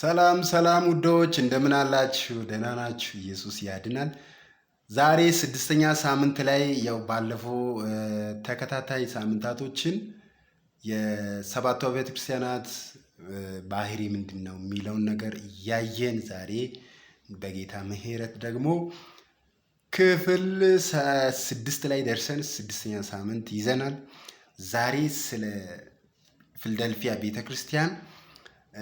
ሰላም ሰላም ውዶች እንደምን አላችሁ? ደህና ናችሁ? ኢየሱስ ያድናል። ዛሬ ስድስተኛ ሳምንት ላይ ያው ባለፈው ተከታታይ ሳምንታቶችን የሰባቷ ቤተ ክርስቲያናት ባህሪ ምንድን ነው የሚለውን ነገር እያየን ዛሬ በጌታ ምሕረት ደግሞ ክፍል ስድስት ላይ ደርሰን ስድስተኛ ሳምንት ይዘናል። ዛሬ ስለ ፊልደልፊያ ቤተ ክርስቲያን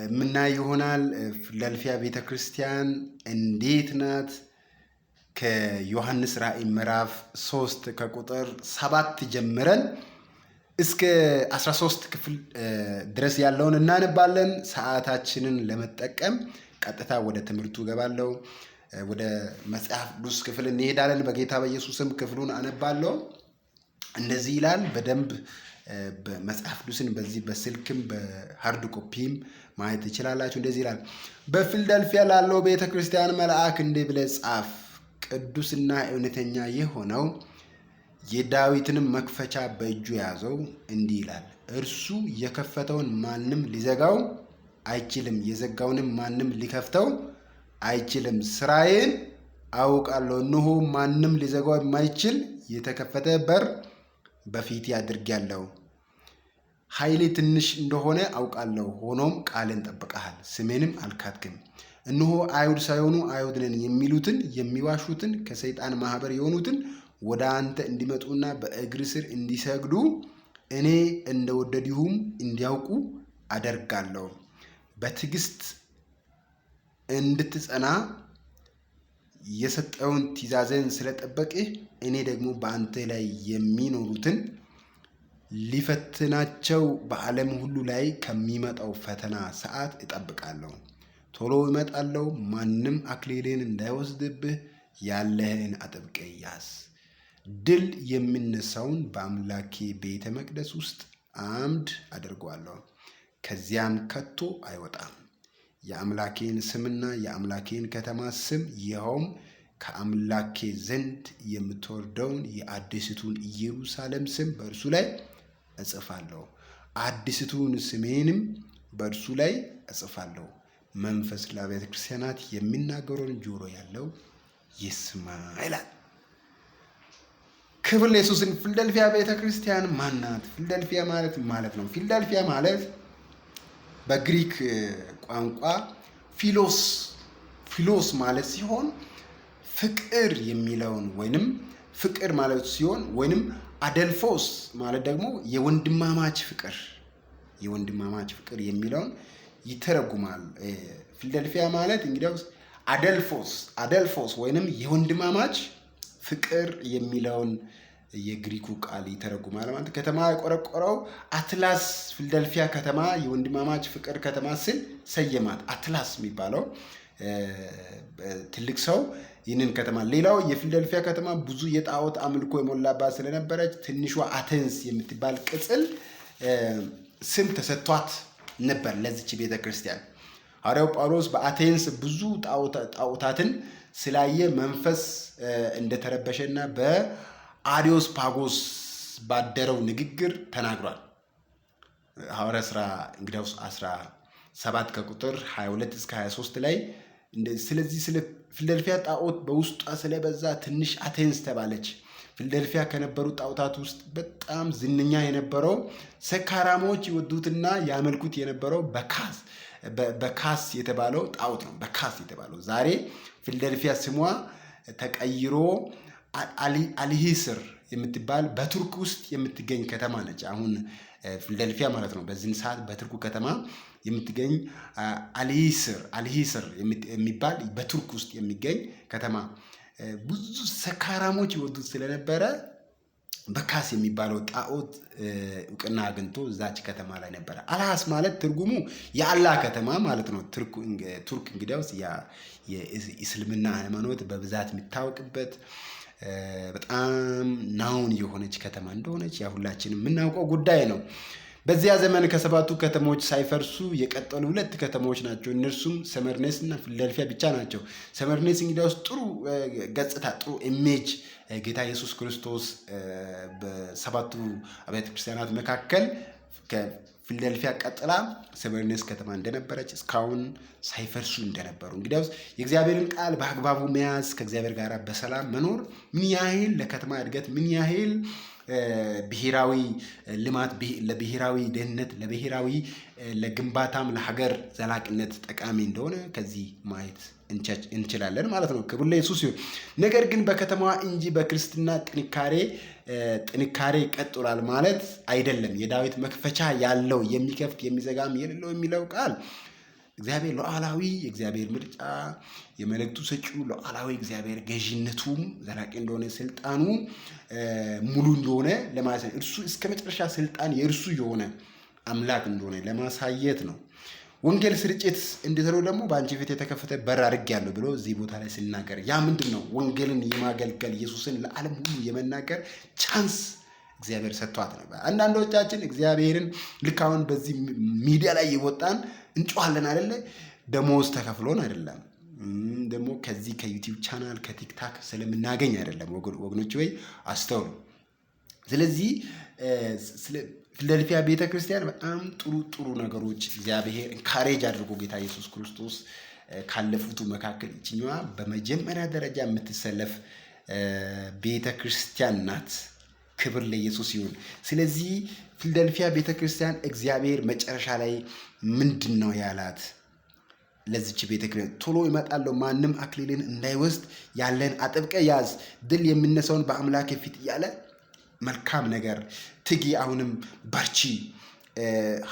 የምናይ ይሆናል። ፊላደልፊያ ቤተክርስቲያን እንዴት ናት? ከዮሐንስ ራእይ ምዕራፍ ሶስት ከቁጥር ሰባት ጀምረን እስከ 13 ክፍል ድረስ ያለውን እናነባለን። ሰዓታችንን ለመጠቀም ቀጥታ ወደ ትምህርቱ እገባለሁ። ወደ መጽሐፍ ቅዱስ ክፍል እንሄዳለን። በጌታ በኢየሱስም ክፍሉን አነባለሁ። እንደዚህ ይላል። በደንብ መጽሐፍ ቅዱስን በዚህ በስልክም በሀርድ ኮፒም ማየት ይችላላችሁ። እንደዚህ ይላል፣ በፊልደልፊያ ላለው ቤተ ክርስቲያን መልአክ እንዲህ ብለህ ጻፍ፣ ቅዱስና እውነተኛ የሆነው የዳዊትንም መክፈቻ በእጁ ያዘው እንዲህ ይላል፣ እርሱ የከፈተውን ማንም ሊዘጋው አይችልም፣ የዘጋውንም ማንም ሊከፍተው አይችልም። ስራዬን አውቃለሁ፣ እንሆ ማንም ሊዘጋው የማይችል የተከፈተ በር በፊቴ አድርጌያለሁ። ኃይሌ ትንሽ እንደሆነ አውቃለሁ። ሆኖም ቃልን ጠብቀሃል፣ ስሜንም አልካድክም። እነሆ አይሁድ ሳይሆኑ አይሁድ ነን የሚሉትን የሚዋሹትን ከሰይጣን ማህበር የሆኑትን ወደ አንተ እንዲመጡና በእግር ስር እንዲሰግዱ እኔ እንደወደድሁም እንዲያውቁ አደርጋለሁ። በትዕግስት እንድትጸና የሰጠውን ትዛዘን ስለጠበቅህ እኔ ደግሞ በአንተ ላይ የሚኖሩትን ሊፈትናቸው በዓለም ሁሉ ላይ ከሚመጣው ፈተና ሰዓት እጠብቃለሁ። ቶሎ እመጣለሁ። ማንም አክሊልን እንዳይወስድብህ ያለህን አጥብቀ ያዝ። ድል የሚነሳውን በአምላኬ ቤተ መቅደስ ውስጥ አምድ አድርጓለሁ። ከዚያም ከቶ አይወጣም። የአምላኬን ስምና የአምላኬን ከተማ ስም ይኸውም ከአምላኬ ዘንድ የምትወርደውን የአዲስቱን ኢየሩሳሌም ስም በእርሱ ላይ እጽፋለሁ። አዲስቱን ስሜንም በእርሱ ላይ እጽፋለሁ። መንፈስ ለአብያተ ክርስቲያናት የሚናገረውን ጆሮ ያለው ይስማ ይላል። ክብር ለኢየሱስን። ፊልደልፊያ ቤተ ክርስቲያን ማናት? ፊልደልፊያ ማለት ማለት ነው። ፊልደልፊያ ማለት በግሪክ ቋንቋ ፊሎስ ፊሎስ ማለት ሲሆን ፍቅር የሚለውን ወይንም ፍቅር ማለት ሲሆን ወይንም አደልፎስ ማለት ደግሞ የወንድማማች ፍቅር የወንድማማች ፍቅር የሚለውን ይተረጉማል። ፊልደልፊያ ማለት እንግዲያውስ አደልፎስ አደልፎስ ወይንም የወንድማማች ፍቅር የሚለውን የግሪኩ ቃል ይተረጉማል። ማለት ከተማ የቆረቆረው አትላስ ፊልደልፊያ ከተማ የወንድማማች ፍቅር ከተማ ስል ሰየማት። አትላስ የሚባለው ትልቅ ሰው ይህንን ከተማ ሌላው የፊላደልፊያ ከተማ ብዙ የጣዖት አምልኮ የሞላባት ስለነበረች ትንሿ አቴንስ የምትባል ቅጽል ስም ተሰጥቷት ነበር ለዚች ቤተ ክርስቲያን። ሐዋርያው ጳውሎስ በአቴንስ ብዙ ጣዖታትን ስላየ መንፈስ እንደተረበሸና ፓጎስ ባደረው ንግግር ተናግሯል። ሐዋርያ ሥራ እንግዲያውስ ሰባት ከቁጥር 22 እስከ 23 ላይ ስለዚህ ስለ ፊልደልፊያ ጣዖት በውስጧ ስለበዛ ትንሽ አቴንስ ተባለች። ፊልደልፊያ ከነበሩ ጣዖታት ውስጥ በጣም ዝነኛ የነበረው ሰካራሞች ይወዱትና ያመልኩት የነበረው በካስ በካስ የተባለው ጣዖት ነው። በካስ የተባለው ዛሬ ፊልደልፊያ ስሟ ተቀይሮ አልሂስር የምትባል በቱርክ ውስጥ የምትገኝ ከተማ ነች። አሁን ፊልደልፊያ ማለት ነው። በዚህን ሰዓት በቱርኩ ከተማ የምትገኝ አልሂስር አልሂስር የሚባል በቱርክ ውስጥ የሚገኝ ከተማ ብዙ ሰካራሞች ይወዱት ስለነበረ በካስ የሚባለው ጣዖት እውቅና አግኝቶ እዛች ከተማ ላይ ነበረ። አልሃስ ማለት ትርጉሙ የአላህ ከተማ ማለት ነው። ቱርክ እንግዲያውስ የእስልምና ሃይማኖት በብዛት የሚታወቅበት በጣም ናውን የሆነች ከተማ እንደሆነች ያ የምናውቀው ጉዳይ ነው። በዚያ ዘመን ከሰባቱ ከተሞች ሳይፈርሱ የቀጠሉ ሁለት ከተሞች ናቸው። እነርሱም ሰመርኔስ እና ፊላደልፊያ ብቻ ናቸው። ሰመርኔስ እንግዲያ ውስጥ ጥሩ ገጽታ፣ ጥሩ ኢሜጅ ጌታ ኢየሱስ ክርስቶስ በሰባቱ አብያተ ክርስቲያናት መካከል ፊላደልፊያ ቀጥላ ሰቨርነስ ከተማ እንደነበረች እስካሁን ሳይፈርሱ እንደነበሩ እንግዲያውስ የእግዚአብሔርን ቃል በአግባቡ መያዝ ከእግዚአብሔር ጋር በሰላም መኖር ምን ያህል ለከተማ እድገት ምን ያህል ብሔራዊ ልማት ለብሔራዊ ደህንነት፣ ለብሔራዊ ለግንባታም ለሀገር ዘላቂነት ጠቃሚ እንደሆነ ከዚህ ማየት እንችላለን ማለት ነው። ክብር ለኢየሱስ ሲሆን ነገር ግን በከተማዋ እንጂ በክርስትና ጥንካሬ ጥንካሬ ይቀጥላል ማለት አይደለም። የዳዊት መክፈቻ ያለው የሚከፍት የሚዘጋም የሌለው የሚለው ቃል እግዚአብሔር ሉዓላዊ የእግዚአብሔር ምርጫ የመልእክቱ ሰጪው ሉዓላዊ እግዚአብሔር ገዢነቱም ዘላቂ እንደሆነ ስልጣኑ ሙሉ እንደሆነ ለማሳየት እርሱ እስከ መጨረሻ ስልጣን የእርሱ የሆነ አምላክ እንደሆነ ለማሳየት ነው። ወንጌል ስርጭት እንድትሉ ደግሞ በአንቺ ፊት የተከፈተ በር አድርጌያለሁ ብሎ እዚህ ቦታ ላይ ሲናገር ያ ምንድን ነው? ወንጌልን የማገልገል ኢየሱስን ለዓለም ሁሉ የመናገር ቻንስ እግዚአብሔር ሰጥቷት ነበር። አንዳንዶቻችን እግዚአብሔርን ልክ አሁን በዚህ ሚዲያ ላይ የወጣን እንጨዋለን አይደለ? ደሞዝ ተከፍሎን አይደለም ደግሞ ከዚህ ከዩቲዩብ ቻናል ከቲክታክ ስለምናገኝ አይደለም ወገኖች፣ ወይ አስተውሉ። ስለዚህ ፊላደልፊያ ቤተክርስቲያን በጣም ጥሩ ጥሩ ነገሮች እግዚአብሔር ካሬጅ አድርጎ ጌታ ኢየሱስ ክርስቶስ ካለፉቱ መካከል ይችኛዋ በመጀመሪያ ደረጃ የምትሰለፍ ቤተክርስቲያን ናት። ክብር ለኢየሱስ ይሁን። ስለዚህ ፊልደልፊያ ቤተ ክርስቲያን እግዚአብሔር መጨረሻ ላይ ምንድን ነው ያላት? ለዚች ቤተ ክርስቲያን ቶሎ ይመጣለሁ፣ ማንም አክሊልን እንዳይወስድ ያለን አጥብቀ ያዝ፣ ድል የሚነሳውን በአምላክ ፊት እያለ መልካም ነገር ትጊ፣ አሁንም በርቺ፣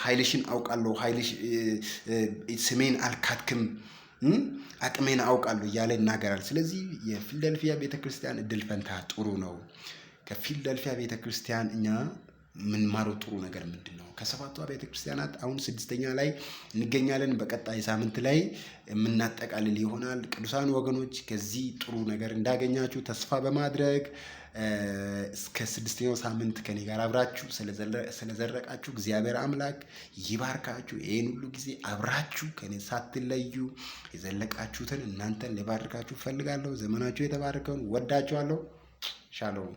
ኃይልሽን አውቃለሁ፣ ኃይልሽ ስሜን አልካትክም አቅሜን አውቃለሁ እያለ ይናገራል። ስለዚህ የፊልደልፊያ ቤተክርስቲያን እድል ፈንታ ጥሩ ነው። ከፊላደልፊያ ቤተ ክርስቲያን እኛ የምንማረው ጥሩ ነገር ምንድን ነው? ከሰባቱ ቤተ ክርስቲያናት አሁን ስድስተኛ ላይ እንገኛለን። በቀጣይ ሳምንት ላይ የምናጠቃልል ይሆናል። ቅዱሳን ወገኖች ከዚህ ጥሩ ነገር እንዳገኛችሁ ተስፋ በማድረግ እስከ ስድስተኛው ሳምንት ከኔ ጋር አብራችሁ ስለዘረቃችሁ እግዚአብሔር አምላክ ይባርካችሁ። ይህን ሁሉ ጊዜ አብራችሁ ከኔ ሳትለዩ የዘለቃችሁትን እናንተን ሊባርካችሁ እፈልጋለሁ። ዘመናችሁ የተባረከውን ወዳችኋለሁ። ሻሎም